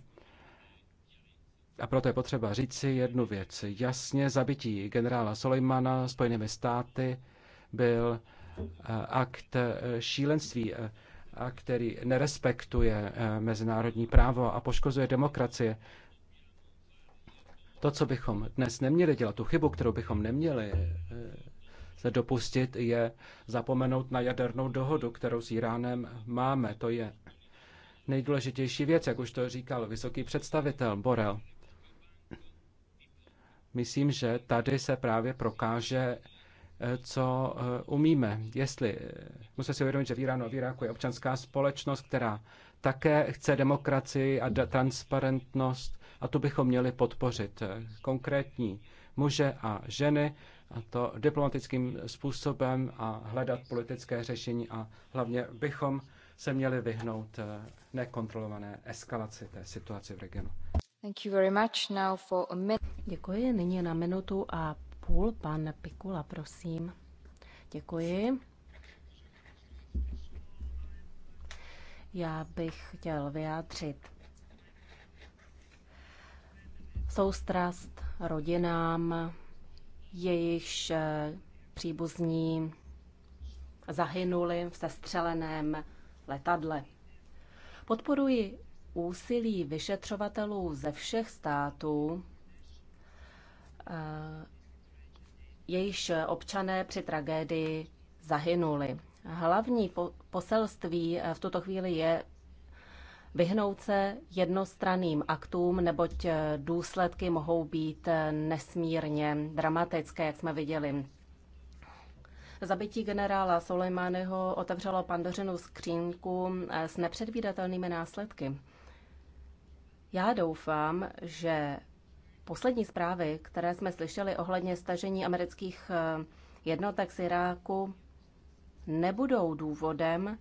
A proto je potřeba říci jednu věc. Jasně, zabití generála Soleimana Spojenými státy byl akt šílenství a který nerespektuje eh, mezinárodní právo a poškozuje demokracie. To, co bychom dnes neměli dělat, tu chybu, kterou bychom neměli eh, se dopustit, je zapomenout na jadernou dohodu, kterou s Iránem máme. To je nejdůležitější věc, jak už to říkal vysoký představitel Borel. Myslím, že tady se právě prokáže co eh, umíme. Jestli, eh, musíme si uvědomit, že v Iránu a v Iráku je občanská společnost, která také chce demokracii a transparentnost a tu bychom měli podpořit eh, konkrétní muže a ženy a to diplomatickým způsobem a hledat politické řešení a hlavně bychom se měli vyhnout nekontrolované eskalaci té situace v regionu. Thank you very much. Now for a minute. Děkuji. Nyní na minutu a půl. Pan Pikula, prosím. Děkuji. Já bych chtěl vyjádřit soustrast rodinám, jejichž eh, příbuzní zahynuli v sestřeleném letadle. Podporuji úsilí vyšetřovatelů ze všech států, eh, jejíž občané při tragédii zahynuli. Hlavní poselství eh, v tuto chvíli je vyhnout se jednostranným aktům, neboť eh, důsledky mohou být eh, nesmírně dramatické, jak jsme viděli. Zabití generála Soleimányho otevřelo pandořinu skřínku s nepředvídatelnými následky. Já doufám, že Poslední zprávy, které jsme slyšeli ohledně stažení amerických eh, jednotek z Iráku, nebudou důvodem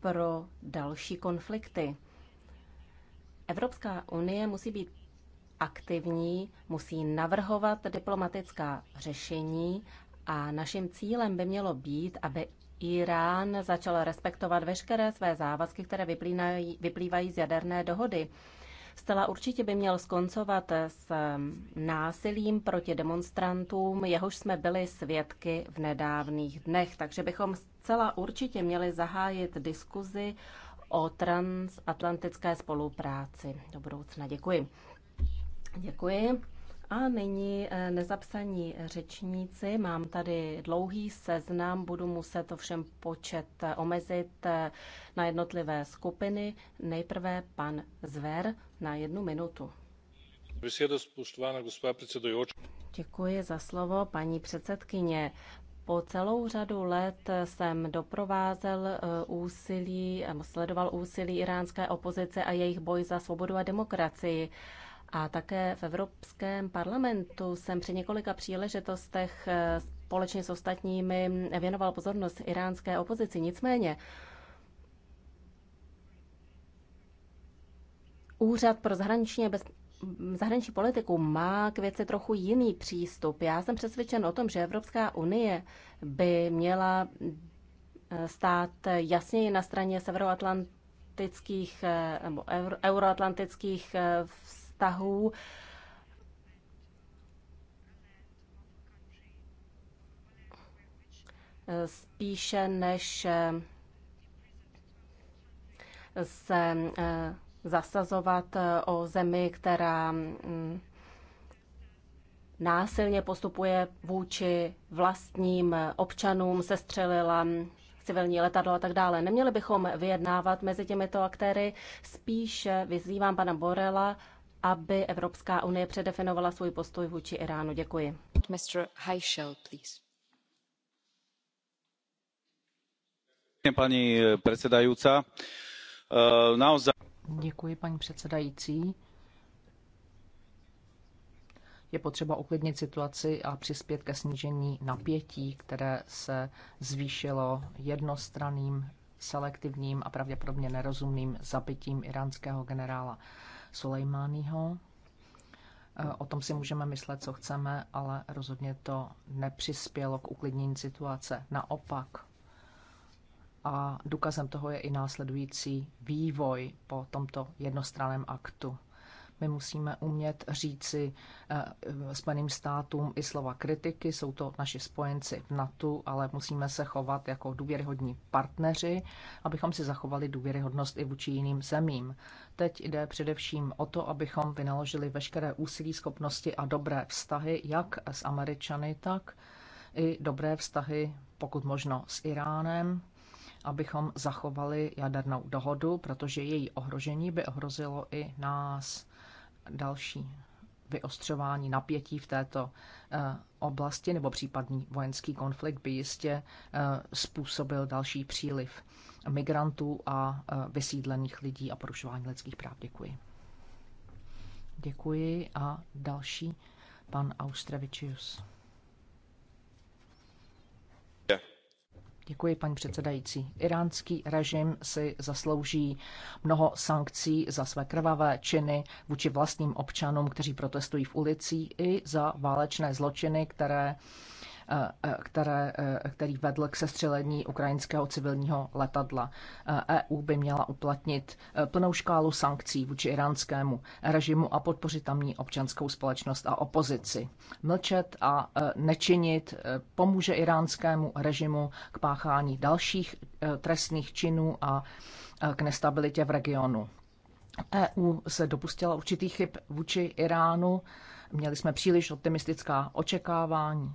pro další konflikty. Evropská unie musí být aktivní, musí navrhovat diplomatická řešení a naším cílem by mělo být, aby Irán začal respektovat veškeré své závazky, které vyplývají z jaderné dohody. Stala určitě by měl skoncovat s ehm, násilím proti demonstrantům, jehož jsme byli svědky v nedávných dnech. Takže bychom zcela určitě měli zahájit diskuzi o transatlantické spolupráci do budoucna. Děkuji. Děkuji. A nyní eh, nezapsaní řečníci. Mám tady dlouhý seznam, budu muset ovšem počet eh, omezit eh, na jednotlivé skupiny. Nejprve pan Zver na jednu minutu. Děkuji za slovo, paní předsedkyně. Po celou řadu let jsem doprovázel úsilí, sledoval úsilí iránské opozice a jejich boj za svobodu a demokracii. A také v Evropském parlamentu jsem při několika příležitostech eh, společně s ostatními věnoval pozornost iránské opozici. Nicméně Úřad pro zahraničně bez, zahraniční politiku má k věci trochu jiný přístup. Já jsem přesvědčen o tom, že Evropská unie by měla eh, stát jasněji na straně severoatlantických eh, nebo euroatlantických vztahů spíše než se eh, zasazovat eh, o zemi, která mm, násilně postupuje vůči vlastním občanům, sestřelila mm, civilní letadlo a tak dále. Neměli bychom vyjednávat mezi těmito aktéry, spíše vyzývám pana Borela, aby Evropská unie předefinovala svůj postoj vůči Iránu. Děkuji. Mr. Heichel, please. Paní předsedající, eh, naozaj... Děkuji, paní předsedající. Je potřeba uklidnit situaci a přispět ke snížení napětí, které se zvýšilo jednostranným, selektivním a pravděpodobně nerozumným zabitím iránského generála Sulejmányho. E, o tom si můžeme myslet, co chceme, ale rozhodně to nepřispělo k uklidnění situace. Naopak. A důkazem toho je i následující vývoj po tomto jednostranném aktu. My musíme umět říci eh, s paným státům i slova kritiky, jsou to naši spojenci v NATO, ale musíme se chovat jako důvěryhodní partneři, abychom si zachovali důvěryhodnost i vůči jiným zemím. Teď jde především o to, abychom vynaložili veškeré úsilí, schopnosti a dobré vztahy, jak s Američany, tak i dobré vztahy, pokud možno, s Iránem, abychom zachovali jadernou dohodu, protože její ohrožení by ohrozilo i nás další vyostřování napětí v této eh, oblasti nebo případný vojenský konflikt by jistě eh, způsobil další příliv migrantů a eh, vysídlených lidí a porušování lidských práv. Děkuji. Děkuji a další pan Austrevičius. Děkuji, paní předsedající. Iránský režim si zaslouží mnoho sankcí za své krvavé činy vůči vlastním občanům, kteří protestují v ulicích i za válečné zločiny, které Eh, eh, které, eh, který vedl k sestřelení ukrajinského civilního letadla. EU e by měla uplatnit plnou škálu sankcí vůči iránskému režimu a podpořit tamní občanskou společnost a opozici. Mlčet a nečinit pomůže iránskému režimu k páchání dalších trestných činů a k nestabilitě v regionu. EU se dopustila určitých chyb vůči Iránu, měli jsme příliš optimistická očekávání.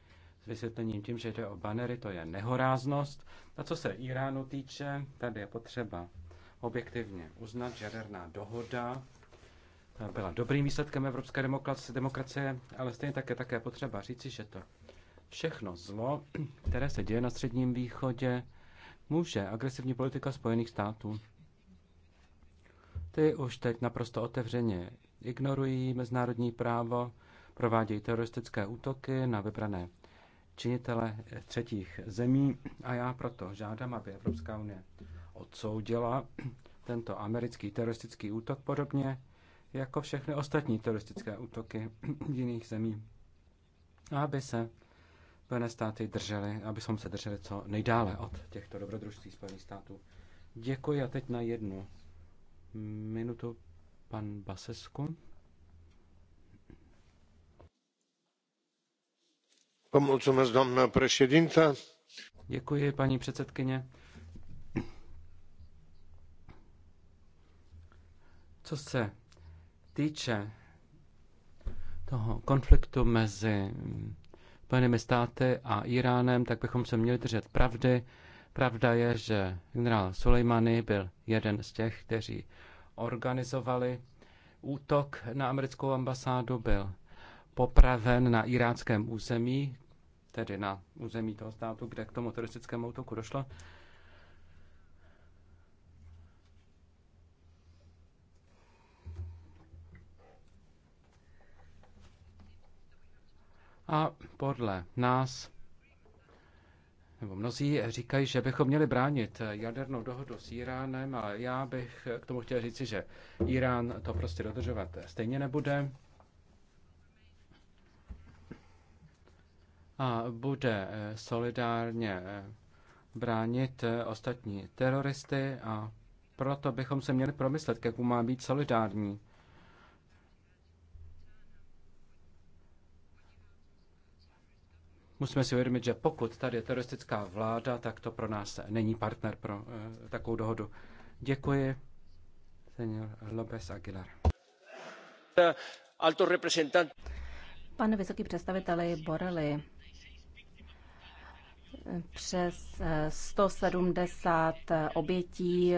s vysvětlením tím, že jde o banery, to je nehoráznost. A co se Iránu týče, tady je potřeba objektivně uznat, že jaderná dohoda byla dobrým výsledkem evropské demokracie, ale stejně také také potřeba říci, že to všechno zlo, které se děje na Středním východě, může agresivní politika Spojených států. Ty už teď naprosto otevřeně ignorují mezinárodní právo, provádějí teroristické útoky na vybrané činitele třetích zemí a já proto žádám, aby Evropská unie odsoudila tento americký teroristický útok podobně jako všechny ostatní teroristické útoky jiných zemí. A aby se Spojené státy držely, abychom se drželi co nejdále od těchto dobrodružství Spojených států. Děkuji a teď na jednu minutu pan Basesku. Děkuji, paní předsedkyně. Co se týče toho konfliktu mezi Spojenými státy a íránem tak bychom se měli držet pravdy. Pravda je, že generál Soleimani byl jeden z těch, kteří organizovali útok na americkou ambasádu, byl popraven na iráckém území tedy na území toho státu, kde k tomu teroristickému útoku došlo. A podle nás, nebo mnozí říkají, že bychom měli bránit jadernou dohodu s Iránem, ale já bych k tomu chtěl říci, že Irán to prostě dodržovat stejně nebude. a bude eh, solidárně eh, bránit eh, ostatní teroristy a proto bychom se měli promyslet, jak má být solidární. Musíme si uvědomit, že pokud tady je teroristická vláda, tak to pro nás není partner pro uh, takovou dohodu. Děkuji, senior López Aguilar. Alto representant. Pane vysoký představiteli Borely, přes 170 eh, eh, obětí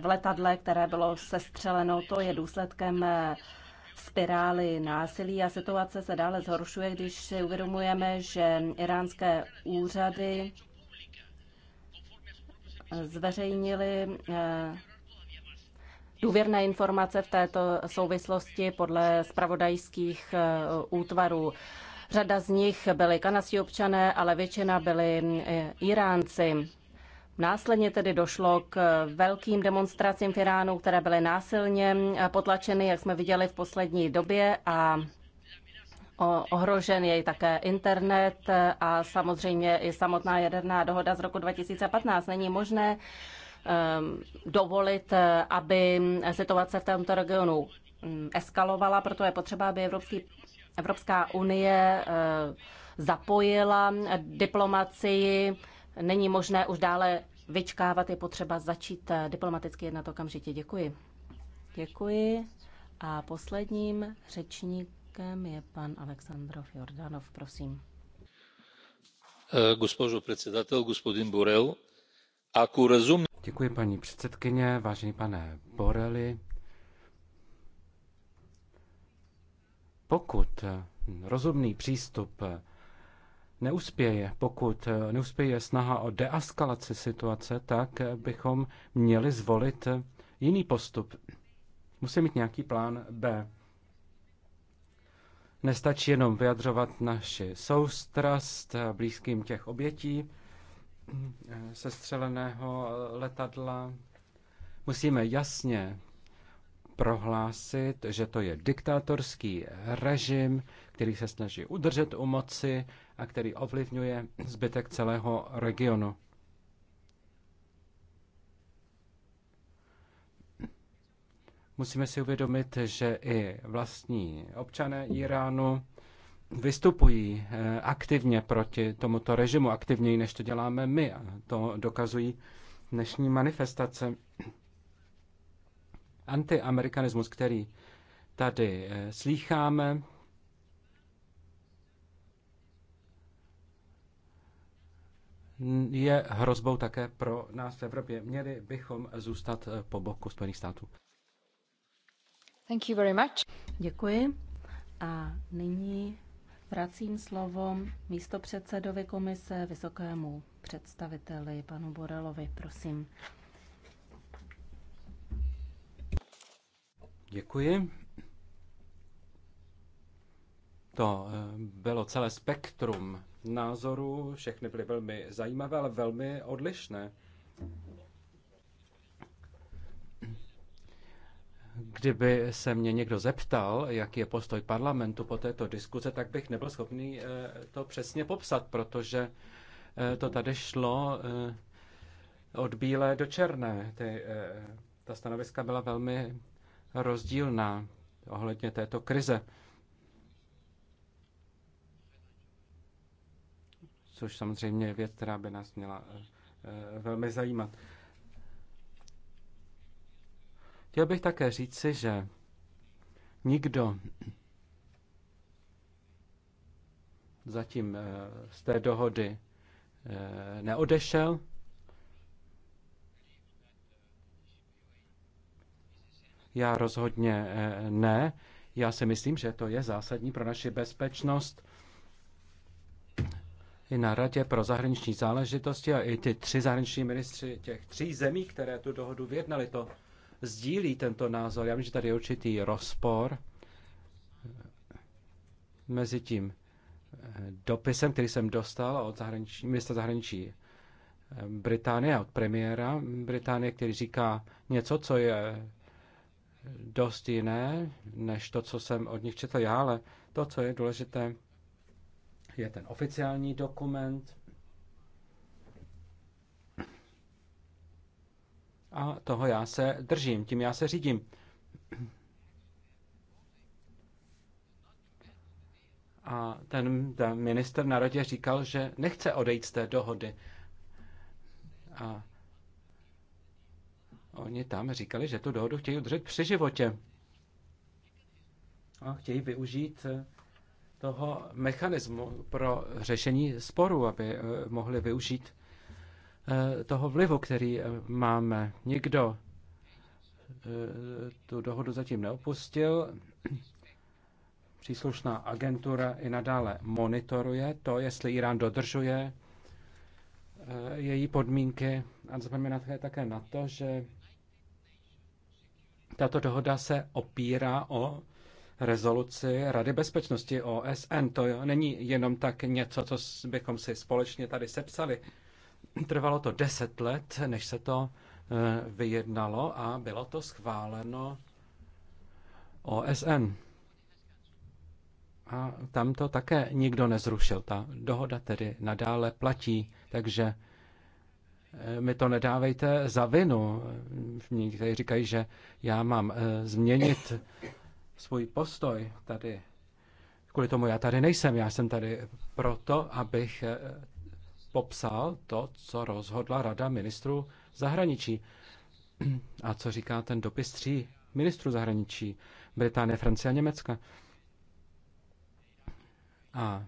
v letadle, které bylo sestřeleno. To je důsledkem eh, spirály násilí a situace se dále zhoršuje, když si uvědomujeme, že iránské úřady zveřejnili důvěrné informace v této souvislosti podle spravodajských útvarů. Řada z nich byli kanadští občané, ale většina byli eh, Iránci. Následně tedy došlo k velkým demonstracím v Iránu, které byly násilně eh, potlačeny, jak jsme viděli v poslední době a Ohrožen je také internet eh, a samozřejmě i samotná jaderná dohoda z roku 2015. Není možné ehm, dovolit, aby situace v tomto regionu mm, eskalovala, proto je potřeba, aby Evropský Evropská unie eh, zapojila diplomacii. Není možné už dále vyčkávat, je potřeba začít eh, diplomaticky jednat okamžitě. Děkuji. Děkuji. A posledním řečníkem je pan Aleksandrov Jordanov, prosím. Eh, gospožo předsedatel, gospodin Borel, ako rozumný... Děkuji paní předsedkyně, vážený pane Boreli. Pokud rozumný přístup neuspěje, pokud neuspěje snaha o deaskalaci situace, tak bychom měli zvolit jiný postup. Musí mít nějaký plán B. Nestačí jenom vyjadřovat naši soustrast blízkým těch obětí sestřeleného letadla. Musíme jasně prohlásit, že to je diktátorský režim, který se snaží udržet u moci a který ovlivňuje zbytek celého regionu. Musíme si uvědomit, že i vlastní občané Iránu vystupují eh, aktivně proti tomuto režimu, aktivněji než to děláme my. A to dokazují dnešní manifestace antiamerikanismus, který tady eh, slýcháme, je hrozbou také pro nás v Evropě. Měli bychom zůstat eh, po boku Spojených států. Thank you very much. Děkuji. A nyní vracím slovo místopředsedovi komise, vysokému představiteli, panu Borelovi, prosím. Děkuji. To eh, bylo celé spektrum názorů, všechny byly velmi zajímavé, ale velmi odlišné. Kdyby se mě někdo zeptal, jaký je postoj parlamentu po této diskuze, tak bych nebyl schopný eh, to přesně popsat, protože eh, to tady šlo od bílé do černé. Ty, ta stanoviska byla velmi rozdílná ohledně této krize. Což samozřejmě je věc, která by nás měla eh, eh, velmi zajímat. Chtěl bych také říci, že nikdo zatím eh, z té dohody neodešel. Já rozhodně eh, ne. Já si myslím, že to je zásadní pro naši bezpečnost. I na Radě pro zahraniční záležitosti a i ty tři zahraniční ministři těch tří zemí, které tu dohodu vyjednali, to sdílí tento názor. Já vím, že tady je určitý rozpor eh, mezi tím eh, dopisem, který jsem dostal od zahraničí, ministra zahraničí Británie, od premiéra Británie, který říká něco, co je dost jiné, než to, co jsem od nich četl já, ale to, co je důležité, je ten oficiální dokument a toho já se držím, tím já se řídím. A ten, ten minister na radě říkal, že nechce odejít z té dohody. A Oni tam říkali, že tu dohodu chtějí udržet při životě. A chtějí využít eh, toho mechanismu pro řešení sporů, aby eh, mohli využít eh, toho vlivu, který máme. Nikdo tu dohodu zatím neopustil. Příslušná agentura i nadále monitoruje to, jestli Irán dodržuje její podmínky. A zapomínáte také na to, že tato dohoda se opírá o rezoluci Rady bezpečnosti OSN. To není jenom tak něco, co bychom si společně tady sepsali. Trvalo to deset let, než se to eh, vyjednalo a bylo to schváleno OSN. A tam to také nikdo nezrušil. Ta dohoda tedy nadále platí, takže Eh, mi to nedávejte za vinu. Eh, někteří říkají, že já mám eh, změnit svůj postoj tady. Kvůli tomu já tady nejsem. Já jsem tady proto, abych popsal to, co rozhodla Rada ministrů zahraničí. A co říká ten dopis tří ministrů zahraničí Británie, Francie a Německa. A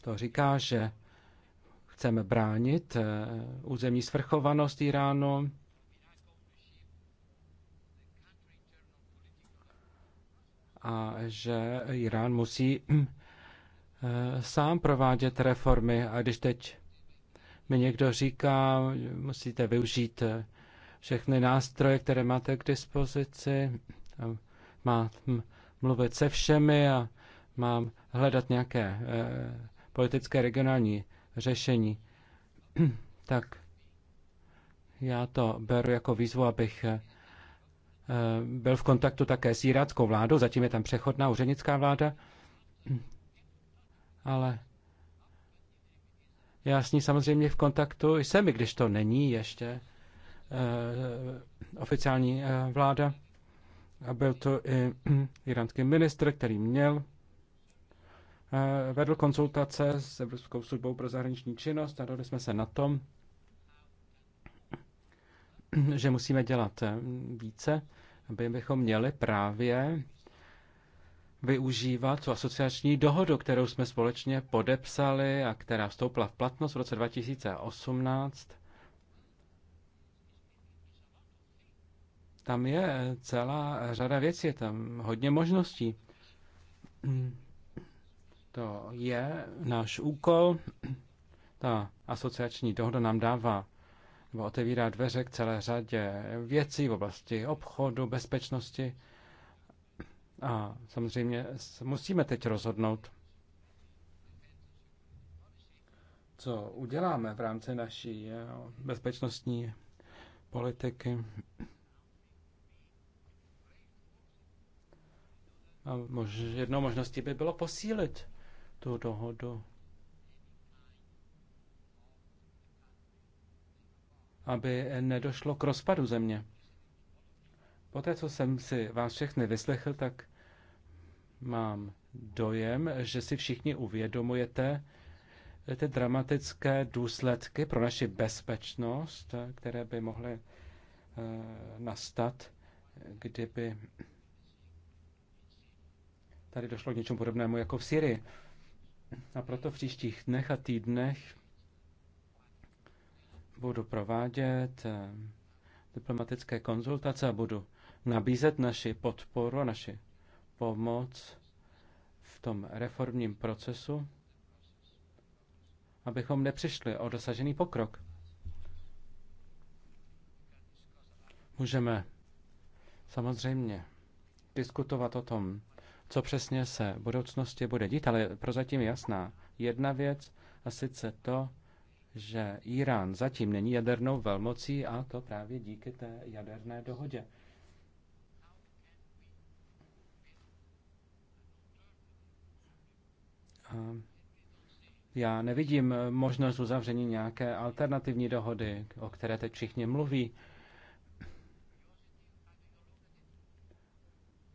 to říká, že Chceme bránit eh, územní svrchovanost Iránu. A že Irán musí eh, sám provádět reformy. A když teď mi někdo říká, musíte využít eh, všechny nástroje, které máte k dispozici, má mluvit se všemi a mám hledat nějaké politické regionální řešení. tak já to beru jako výzvu, abych eh, byl v kontaktu také s iráckou vládou, zatím je tam přechodná úřednická vláda, ale já s ní samozřejmě v kontaktu jsem, i když to není ještě eh, oficiální eh, vláda. A byl to i iránský ministr, který měl Eh, vedl konzultace s Evropskou službou pro zahraniční činnost a dali jsme se na tom, že musíme dělat eh, více, aby bychom měli právě využívat tu asociační dohodu, kterou jsme společně podepsali a která vstoupila v platnost v roce 2018. Tam je eh, celá řada věcí, je tam hodně možností. To je náš úkol. Ta asociační dohoda nám dává nebo otevírá dveře k celé řadě věcí v oblasti obchodu, bezpečnosti. A samozřejmě musíme teď rozhodnout, co uděláme v rámci naší eh, bezpečnostní politiky. A mož, jednou možností by bylo posílit tu dohodu, aby nedošlo k rozpadu země. Poté, co jsem si vás všechny vyslechl, tak mám dojem, že si všichni uvědomujete ty dramatické důsledky pro naši bezpečnost, které by mohly eh, nastat, kdyby tady došlo k něčemu podobnému jako v Syrii. A proto v příštích dnech a týdnech budu provádět eh, diplomatické konzultace a budu nabízet naši podporu a naši pomoc v tom reformním procesu, abychom nepřišli o dosažený pokrok. Můžeme samozřejmě diskutovat o tom, co přesně se v budoucnosti bude dít, ale prozatím je jasná jedna věc, a sice to, že Irán zatím není jadernou velmocí a to právě díky té jaderné dohodě. A já nevidím možnost uzavření nějaké alternativní dohody, o které teď všichni mluví.